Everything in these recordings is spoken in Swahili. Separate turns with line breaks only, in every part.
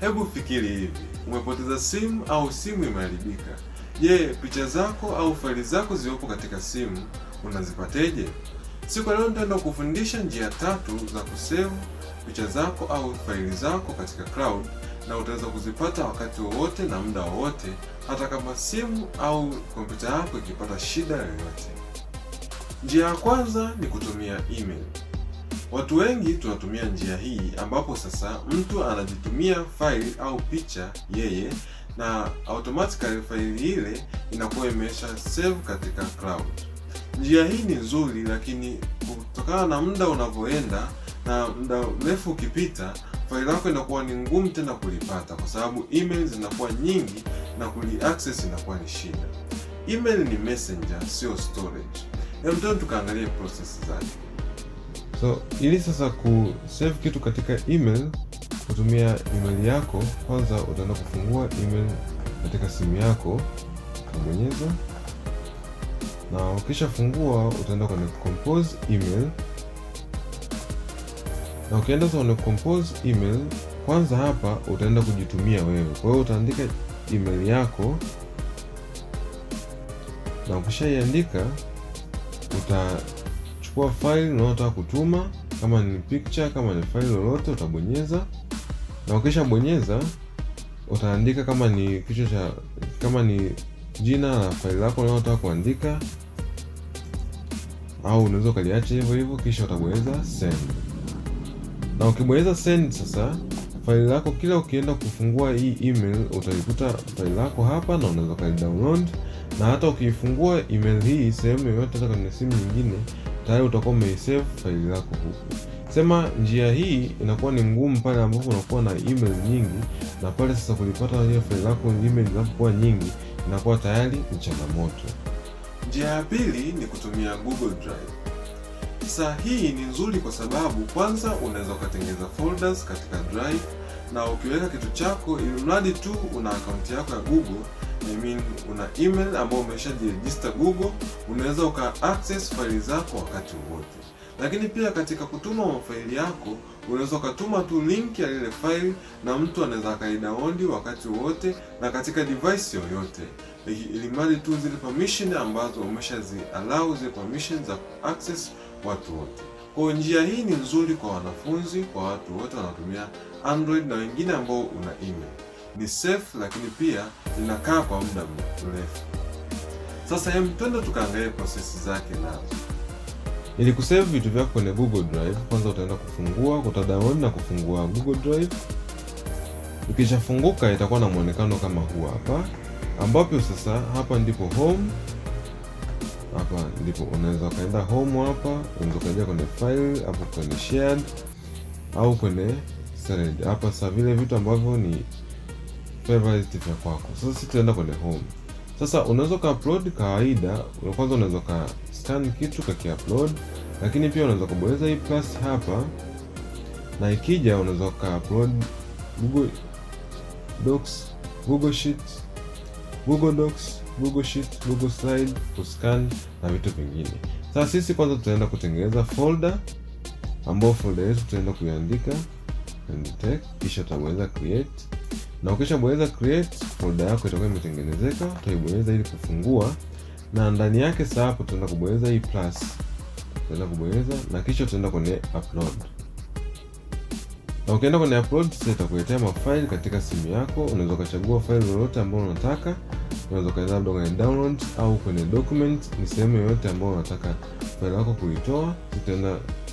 Hebu fikiri hivi, umepoteza simu au simu imeharibika. Je, picha zako au faili zako ziliopo katika simu unazipateje? Siku leo nitaenda kufundisha njia tatu za kusevu picha zako au faili zako katika cloud, na utaweza kuzipata wakati wowote na muda wowote, hata kama simu au kompyuta yako ikipata shida yoyote. Njia ya kwanza ni kutumia email. Watu wengi tunatumia njia hii ambapo sasa mtu anajitumia faili au picha yeye na automatically faili ile inakuwa imesha save katika cloud. Njia hii ni nzuri, lakini kutokana na muda unavyoenda na muda mrefu ukipita, faili lako inakuwa ni ngumu tena kulipata kwa sababu email zinakuwa nyingi na access inakuwa ni shida. Email ni messenger, sio storage. Hebu tukaangalie process zake.
So ili sasa kusave kitu katika email kutumia email yako, kwanza utaenda kufungua email katika simu yako, utabonyeza na ukishafungua utaenda kwenye compose email, na ukienda kwenye compose email kwanza hapa utaenda kujitumia wewe. Kwa hiyo utaandika email yako, na ukishaiandika uta utachukua file unaotaka kutuma, kama ni picture, kama ni file lolote utabonyeza, na ukisha bonyeza utaandika kama ni kichwa cha, kama ni jina la file lako unaotaka kuandika, au unaweza ukaliacha hivyo hivyo, kisha utabonyeza send. Na ukibonyeza send sasa faili lako kila ukienda kufungua hii email utaikuta faili lako hapa, na unaweza download, na hata ukiifungua email hii sehemu yoyote, hata kwenye simu nyingine tayari utakuwa umeisave faili lako huku. Sema njia hii inakuwa ni ngumu pale ambapo unakuwa na email nyingi, na pale sasa kulipata hiyo faili lako email zinapokuwa nyingi inakuwa tayari ni changamoto.
Njia ya pili ni kutumia Google Drive. Saa hii ni nzuri kwa sababu kwanza unaweza ukatengeneza folders katika drive na ukiweka kitu chako, ili mradi tu una akaunti yako ya Google I mean, una email ambao umeshajirejista Google, unaweza uka access faili zako wakati wote. Lakini pia katika kutuma mafaili yako unaweza ukatuma tu link ya lile faili na mtu anaweza akaidownload wakati wote na katika device yoyote, ilimradi tu zile permission ambazo umeshazi allow zile permission za access watu wote. Kwa njia hii ni nzuri kwa wanafunzi, kwa watu wote wanaotumia Android na wengine ambao una email ni safe, lakini pia linakaa kwa muda mrefu. Sasa twende tukaangalia prosesi zake nazo.
Ili kusave vitu vyako kwenye Google Drive, kwanza utaenda kufungua, utadownload na kufungua Google Drive. Ukishafunguka itakuwa na mwonekano kama huu hapa, ambapo sasa hapa ndipo home hapa ndipo unaweza ukaenda home, hapa unaweza ukaingia kwenye file hapo, kwenye shared au kwenye storage hapa. Sasa vile vitu ambavyo ni favorized vya kwako. Sasa sisi tunaenda kwenye home. Sasa unaweza ka upload kawaida, kwanza unaweza ka scan kitu ka ki upload, lakini pia unaweza kubonyeza hii plus hapa na ikija unaweza ka upload Google Docs, Google Sheet, Google Docs, Google Sheet, Google Slide, kuscan na vitu vingine. Sasa sisi kwanza tutaenda kutengeneza folder ambao folder yetu tutaenda kuiandika take, kisha tutaweza create na ukishabonyeza create, folder yako itakuwa imetengenezeka, utaibonyeza ili kufungua, na ndani yake sasa hapo tutaenda kubonyeza hii plus, tutaenda kubonyeza na kisha tutaenda kwenye upload, na ukienda kwenye upload sasa itakuletea mafaili katika simu yako. Unaweza ukachagua faili lolote ambalo unataka, unaweza ukaenda labda kwenye download au kwenye document, ni sehemu yoyote ambayo unataka faili yako kuitoa.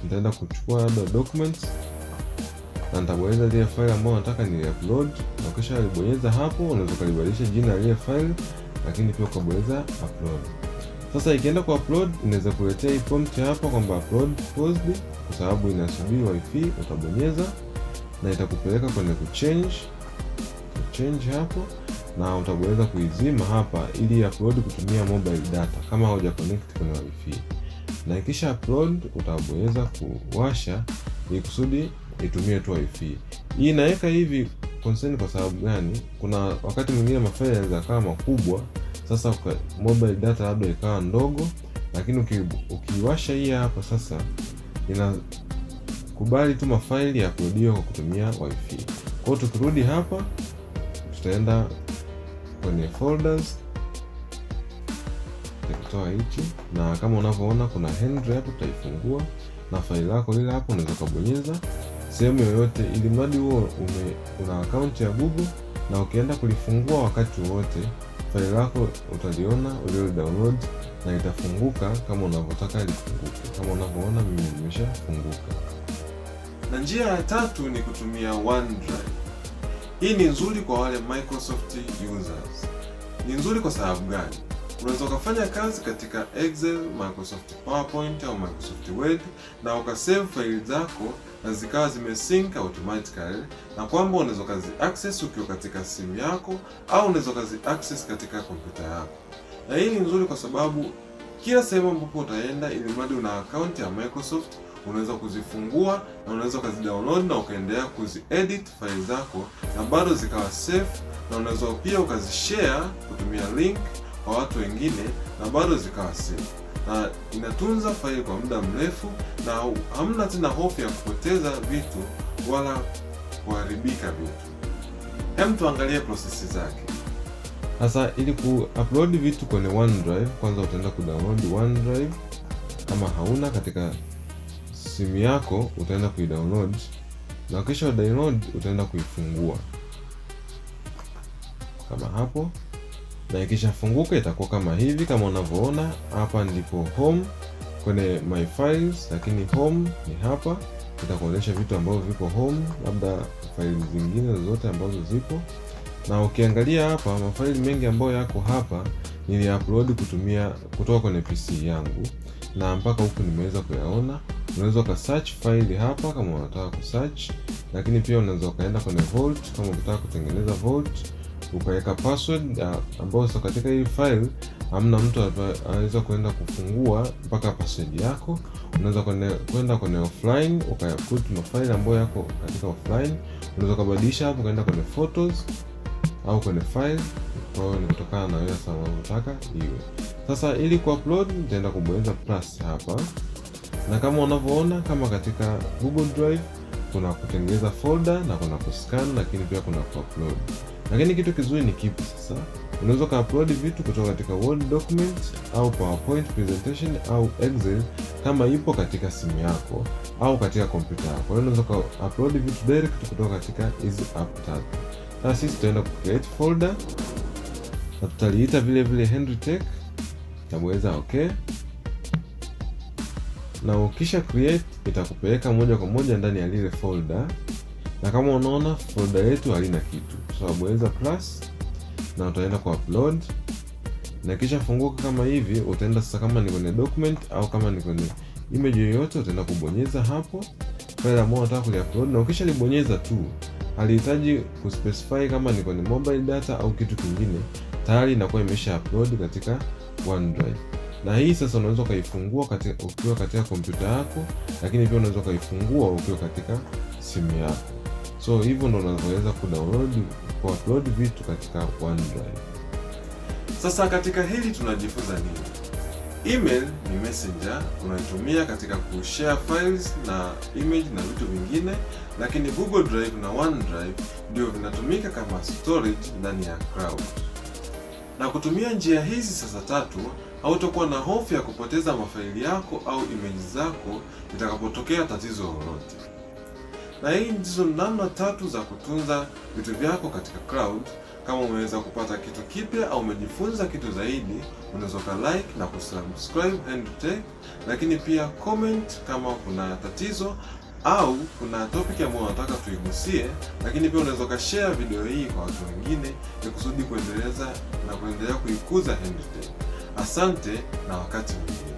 Nitaenda kuchukua labda document na nitabonyeza zile file ambayo nataka ni upload, na kisha nibonyeza hapo, unaweza kubadilisha jina la ile file, lakini pia ukabonyeza upload. Sasa ikienda kwa upload, inaweza kuletea hii prompt hapa kwamba upload paused, kwa sababu inasubiri wifi. Utabonyeza na itakupeleka kwenye ku change ku change hapo, na utabonyeza kuizima hapa ili upload kutumia mobile data kama hauja connect kwenye wifi, na ikisha upload utabonyeza kuwasha ili kusudi itumie tu wifi. Hii inaweka hivi concern kwa sababu gani? Kuna wakati mwingine mafaili yanaweza yakawa makubwa, sasa mobile data labda ikawa ndogo, lakini ukiwasha hii hapa sasa inakubali tu mafaili ya kurudiwa kwa kutumia wifi. Kwa hiyo tukirudi hapa, tutaenda kwenye folders kutoa hichi na kama unavyoona kuna Henry hapo, tutaifungua na faili lako lile hapo unaweza kubonyeza sehemu yoyote, ili mradi huo una akaunti ya Google na ukienda kulifungua wakati wowote faili lako utaliona download na itafunguka kama unavyotaka lifunguke, kama unavyoona mimi limeshafunguka.
Na njia ya tatu ni kutumia OneDrive. Hii ni nzuri kwa wale Microsoft users. Ni nzuri kwa sababu gani? Unaweza ukafanya kazi katika Excel, Microsoft PowerPoint au Microsoft Word na ukasave faili zako na zikawa zimesync automatically, na kwamba unaweza ukazi access ukiwa katika simu yako au unaweza ukazi access katika kompyuta yako. Na hii ni nzuri kwa sababu kila sehemu ambapo utaenda, ili mradi una account ya Microsoft unaweza kuzifungua na unaweza download na ukaendelea kuzi edit faili zako na bado zikawa safe, na unaweza pia ukazishare kutumia link kwa watu wengine na bado zikawa safe na inatunza faili kwa muda mrefu, na hamna tena hofu ya kupoteza vitu wala kuharibika vitu. Hem, tuangalie prosesi zake.
Sasa ili kuupload vitu kwenye OneDrive, kwanza utaenda kudownload OneDrive kama hauna katika simu yako, utaenda kuidownload na kisha download, utaenda kuifungua kama hapo na ikishafunguka itakuwa kama hivi kama unavyoona hapa ndipo home kwenye my files, lakini home ni hapa, itakuonyesha vitu ambavyo viko home, labda faili zingine zote ambazo zipo. Na ukiangalia hapa mafaili mengi ambayo yako hapa niliupload kutumia kutoka kwenye PC yangu na mpaka huku nimeweza kuyaona. Unaweza ukasearch faili hapa kama unataka kusearch, lakini pia unaweza ukaenda kwenye vault kama unataka kutengeneza vault ukaweka password ambayo sasa katika hii file hamna mtu anaweza kuenda kufungua mpaka password yako. Unaweza kwenda kwenye offline ukayakuta mafaili ambayo yako katika offline, unaweza kubadilisha hapo ukaenda kwenye photos au kwenye file. Kwa hiyo ni kutokana na wewe sasa unataka iwe. Sasa ili kuupload nitaenda kubonyeza plus hapa, na kama unavyoona kama katika Google Drive kuna kutengeneza folder na kuna kuscan, lakini pia kuna kuupload. Lakini kitu kizuri ni kipi sasa? Unaweza ukaupload vitu kutoka katika Word document au PowerPoint presentation au Excel kama ipo katika simu yako au katika kompyuta yako. Kwa hiyo unaweza ukaupload vitu direct kutoka katika hizi app tatu. Sasa sisi tutaenda kucreate folder na tutaliita vile vile Henry Tech, tabweza okay na ukisha create itakupeleka moja kwa moja ndani ya lile folder na kama unaona folder yetu haina kitu, utabonyeza plus na utaenda kwa upload, na kisha funguka kama hivi. Utaenda sasa, kama ni kwenye document au kama ni kwenye image yoyote, utaenda kubonyeza hapo file ambayo unataka kuliupload, na ukisha libonyeza tu, halihitaji kuspecify kama ni kwenye mobile data au kitu kingine, tayari inakuwa imesha upload katika OneDrive na hii sasa unaweza ukaifungua katika ukiwa katika kompyuta yako, lakini pia unaweza ukaifungua ukiwa katika simu yako. So hivyo ndo unavyoweza kudownload kuupload vitu katika OneDrive.
Sasa katika hili tunajifunza nini? Email ni messenger unaitumia katika kushare files na image na vitu vingine, lakini Google Drive na OneDrive ndio vinatumika kama storage ndani ya cloud. Na kutumia njia hizi sasa tatu hautakuwa na hofu ya kupoteza mafaili yako au image zako itakapotokea tatizo lolote na hii ndizo namna tatu za kutunza vitu vyako katika cloud. Kama umeweza kupata kitu kipya au umejifunza kitu zaidi, unaweza like na kusubscribe and lakini pia comment kama kuna tatizo au kuna topic ambayo unataka tuigusie, lakini pia unaweza ukashare video hii kwa watu wengine, ni kusudi kuendeleza na kuendelea kuikuza Handtech. Asante na wakati mwingine.